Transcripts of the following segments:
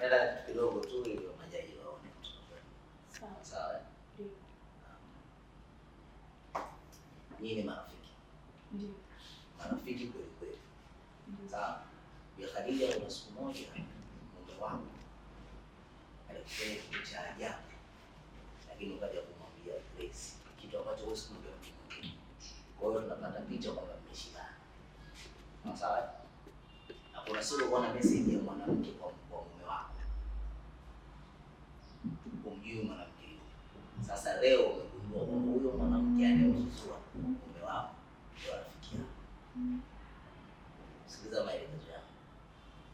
hela kidogo tu ili majaji waone. Sawa, nyinyi ni marafiki, marafiki kweli kweli. Sawa, Bi Khadija, kuna siku moja mume wangu alikufanya kitu cha ajabu, lakini ukaja kumwambia Grace kitu ambacho wewe sikumwambia mtu mwingine. Kwa hiyo tunapata picha kwamba mmeshibana. Sawa, na kuna sura uona message ya mwanamke kwa kumjui mwanamke yule. Sasa leo umegundua kwamba huyo mwanamke anayemzuzua mume wako ndio rafiki yako. Sikiliza maelekezo yangu.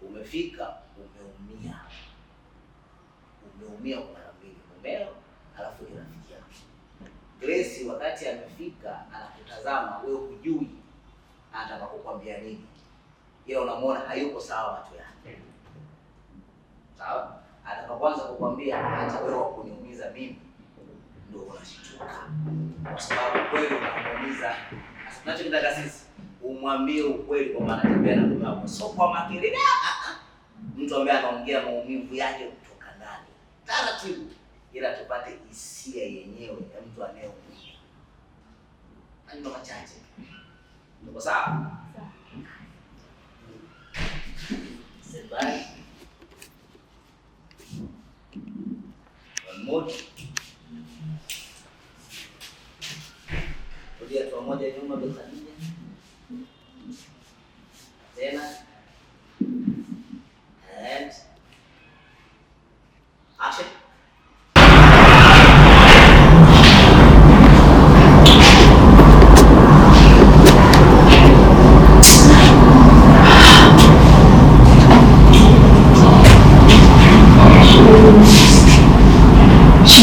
Umefika, umeumia, umeumia kwa mara mbili, mumeo alafu ni rafiki yako. Grace wakati amefika anakutazama wewe, hujui atakapokuambia nini, ila unamwona hayuko sawa macho yake, sawa atakapoanza kukwambia hata wewe wakuniumiza mimi, ndio unashtuka, kwa sababu kweli unamuumiza. Sasa tunachotaka sisi umwambie ukweli, kwa maana tembea na mume wako, sio kwa makelele. Ah, ah, ah. Mtu ambaye anaongea maumivu yake kutoka ndani taratibu, ila tupate hisia yenyewe ya mtu anayeumia. Ndio machache, ndio sawa.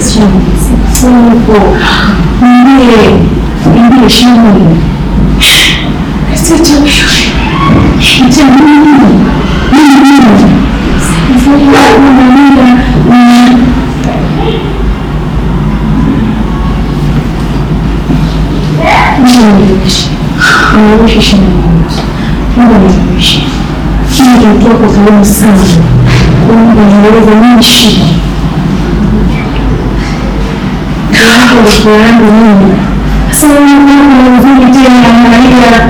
Pasienzi, Mungu ndiye ndiye shughuli jamii Mungu anaweza nishi yangu shida yangu nyingi. Sasa mzuri tena naangalia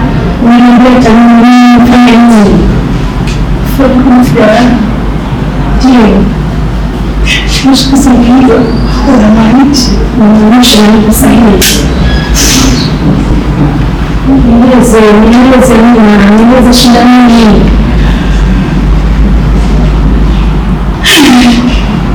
niambia tamaa fanya nini? Je, kusaidiwa unamaanisha unamaanisha nini sahihi? Nieleze, nieleze, nieleze shida nini?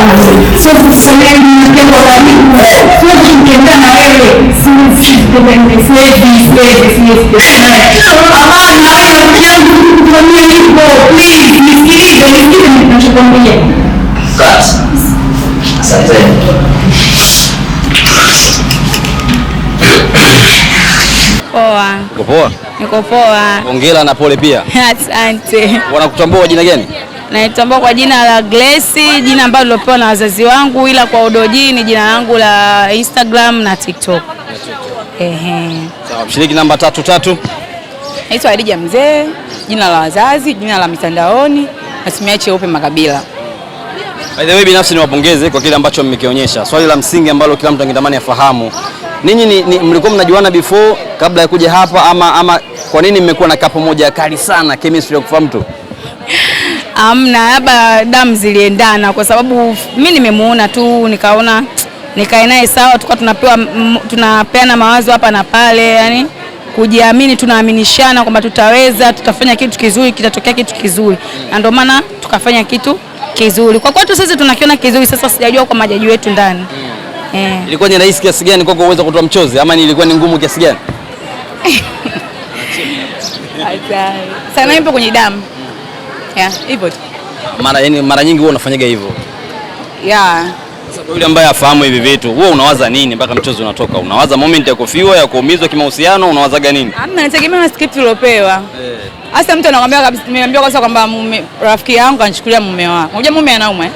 wazi, siwezi kusemea na wewe, kutumia please nisikilize, nisikilize ninachokwambia. poa? Niko poa. Hongera na pole pia. Asante. Wanakutambua jina gani? naitambua kwa jina la Grace, jina ambalo nilopewa na wazazi wangu, ila kwa Odoji ni jina langu la Instagram na TikTok. Ehe. Sawa, mshiriki namba tatu tatu. Naitwa Adija Mzee, jina la wazazi, jina la mitandaoni, natumia upe Makabila. By the way, binafsi niwapongeze kwa kile ambacho mmekionyesha. Swali la msingi ambalo kila mtu angetamani afahamu, ninyi ni, ni, mlikuwa mnajuana before kabla ya kuja hapa ama, ama kwa nini mmekuwa na kapo moja kali sana chemistry ya kufahamu tu? Amna, labda damu ziliendana, kwa sababu mi nimemuona tu nikaona nikae naye sawa, tukawa tunapewa tunapeana mawazo hapa na pale, yani kujiamini, tunaaminishana kwamba tutaweza, tutafanya kitu kizuri, kitatokea kitu kizuri, na ndio maana tukafanya kitu kizuri kwa kwetu sisi, tunakiona kizuri. Sasa sijajua kwa majaji wetu ndani Yeah. Hmm. Ilikuwa ni rahisi kiasi gani kwako uweza kutoa mchozi ama ilikuwa ni ngumu kiasi gani? Sana ipo kwenye damu yeah, hivyo tu. Mara yani mara nyingi huwa unafanyaga hivyo. Yeah. Sasa yule ambaye afahamu hivi vitu, wewe unawaza nini mpaka mchezo unatoka? Unawaza moment ya kufiwa, ya kuumizwa kimahusiano, unawazaga nini? Hamna, nategemea na script uliopewa. Eh. Hasa mtu anakuambia kabisa, nimeambiwa kwanza kwamba mume rafiki yangu anachukulia mume wako. Unajua mume anauma eh?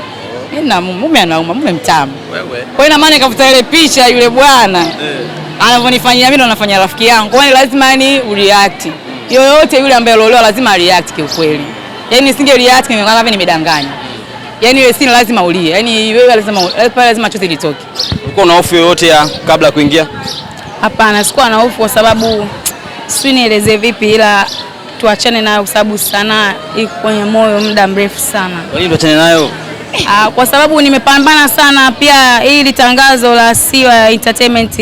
na mume anauma, mume mtamu. Wewe. Kwa hiyo ina maana ikavuta ile picha yule bwana. Eh. Anavyonifanyia mimi anafanya rafiki yangu. Kwa hiyo lazima ni react. Mm. Yoyote yule ambaye aliolewa lazima react kiukweli yani nisinge react kwa kama nimedanganya. Yani wewe si lazima ulie. Yani wewe lazima eh, lazima chote litoke. Ulikuwa na hofu yoyote ya kabla ya kuingia? Hapana, sikuwa na hofu kwa sababu si nieleze vipi, ila tuachane nayo kwa sababu sanaa iko kwenye moyo muda mrefu sana. Kwa nini tuachane nayo? Ah, kwa sababu nimepambana sana pia hili tangazo la Siwa Entertainment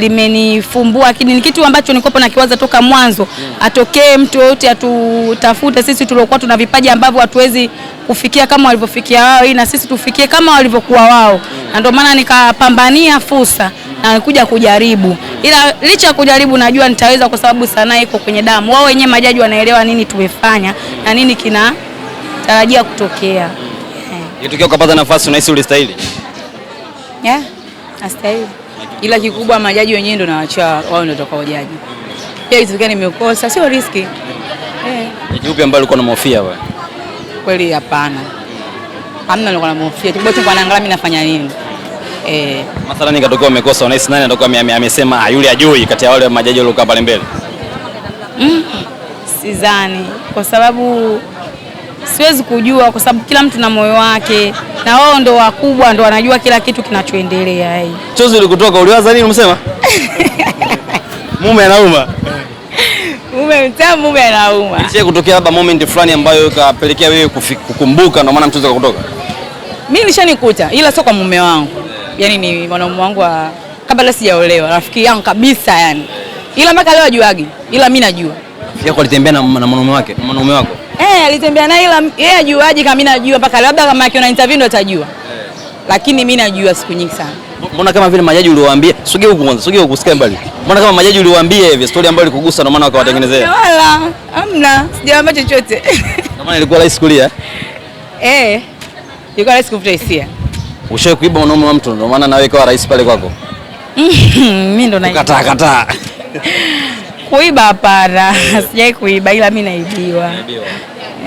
limenifumbua lakini Ni kitu ambacho nilikuwa nakiwaza toka mwanzo, atokee mtu yoyote atutafute sisi tuliokuwa tuna vipaji ambavyo hatuwezi kufikia kama walivyofikia wao, ili na sisi tufikie kama walivyokuwa wao, na ndio maana nikapambania fursa na kuja kujaribu, ila licha ya kujaribu, najua nitaweza kwa sababu sanaa iko kwenye damu. Wao wenyewe majaji wanaelewa nini tumefanya na nini kinatarajia kutokea. Ilitokea ukapata nafasi, unahisi ulistahili? Yeah, astahili ila kikubwa majaji wenyewe ndio na wao ndio watakao jaji. Pia kitu gani nimekosa? Sio riski eh. Ni kipi ambacho ulikuwa unamhofia wewe? Kweli hapana, hamna nilikuwa namhofia, naangalia mimi nafanya nini eh. Mathalan nikatokea umekosa, unahisi nani atakuwa amesema ah, yule ajui kati ya wale majaji waliokaa pale mbele? Mm, sidhani kwa sababu siwezi kujua kwa sababu kila mtu na moyo wake, na wao ndo wakubwa, ndo wanajua kila kitu kinachoendelea. Hii eh. chozi likutoka, uliwaza nini? Umesema mume anauma, mume mtamu, mume anauma. Isije kutokea labda moment fulani ambayo ikapelekea wewe kukumbuka, ndio maana mchozi kakutoka. Mimi nishanikuta, ila sio kwa mume wangu, yani ni mwanaume wangu wa kabla sijaolewa, rafiki yangu kabisa yani, ila mpaka leo ajuagi, ila mimi najua. Yako alitembea na mwanaume wake, mwanaume wako yeye eh, alitembea naye ila yeye ajuaje kama mimi najua mpaka labda kama akiona interview ndo atajua. Lakini mimi najua siku nyingi sana. Mbona kama vile majaji uliwaambia, sogea huko kwanza, sogea huko sikia mbali. Mbona kama majaji uliwaambia hivi story ambayo ilikugusa ndio maana wakawatengenezea? Ah, wala, hamna, sijawaambia chochote. Ndio maana ilikuwa rahisi kulia. Eh. Ilikuwa rahisi kuvuta hisia. Ushawe kuiba mwanaume wa mtu ndio maana nawe ikawa rahisi pale kwako. Mimi ndo naikataa kataa. Kuiba hapana, sijai kuiba, ila mi naibiwa.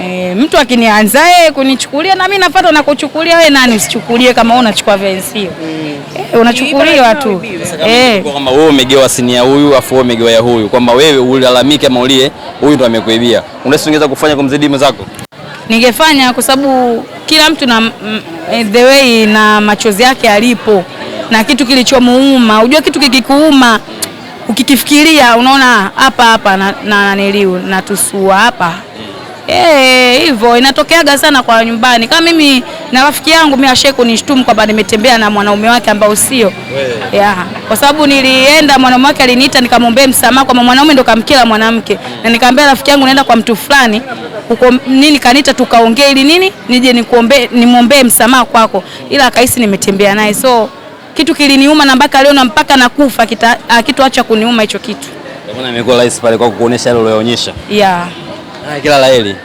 E, mtu akinianza yeye eh, kunichukulia na mimi nafuata na kuchukulia. Wewe nani usichukulie, kama wewe unachukua vensio mm. e, eh, unachukuliwa tu e. Kama wewe umegewa sinia huyu afu wewe umegewa ya huyu, kwamba wewe ulalamike ama ulie huyu ndo amekuibia, ungeza kufanya kumzidi mwenzako? Ningefanya kwa sababu kila mtu na the way na machozi yake alipo na kitu kilichomuuma. Unajua kitu kikikuuma ukikifikiria unaona hapa hapa na naniliu na, natusua hapa eh, hivyo hey, inatokeaga sana kwa nyumbani. Kama mimi na rafiki yangu mimi ashai kunishtumu kwamba nimetembea na mwanaume wake ambao sio yeah. Kwa sababu nilienda, mwanaume wake aliniita nikamwombea msamaha kwa mwanaume ndo kamkila mwanamke, na nikamwambia rafiki yangu naenda kwa mtu fulani huko nini, kanita tukaongea ili nini nije nikuombe nimwombee msamaha kwako, ila akahisi nimetembea naye so kitu kiliniuma na mpaka leo na mpaka nakufa akitoacha ah, kuniuma hicho kitu. Kwa maana imekuwa rahisi pale kwa kukuonesha yale uliyoonyesha. Yeah. Ah, Kila la heri.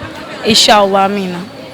Inshallah, amina.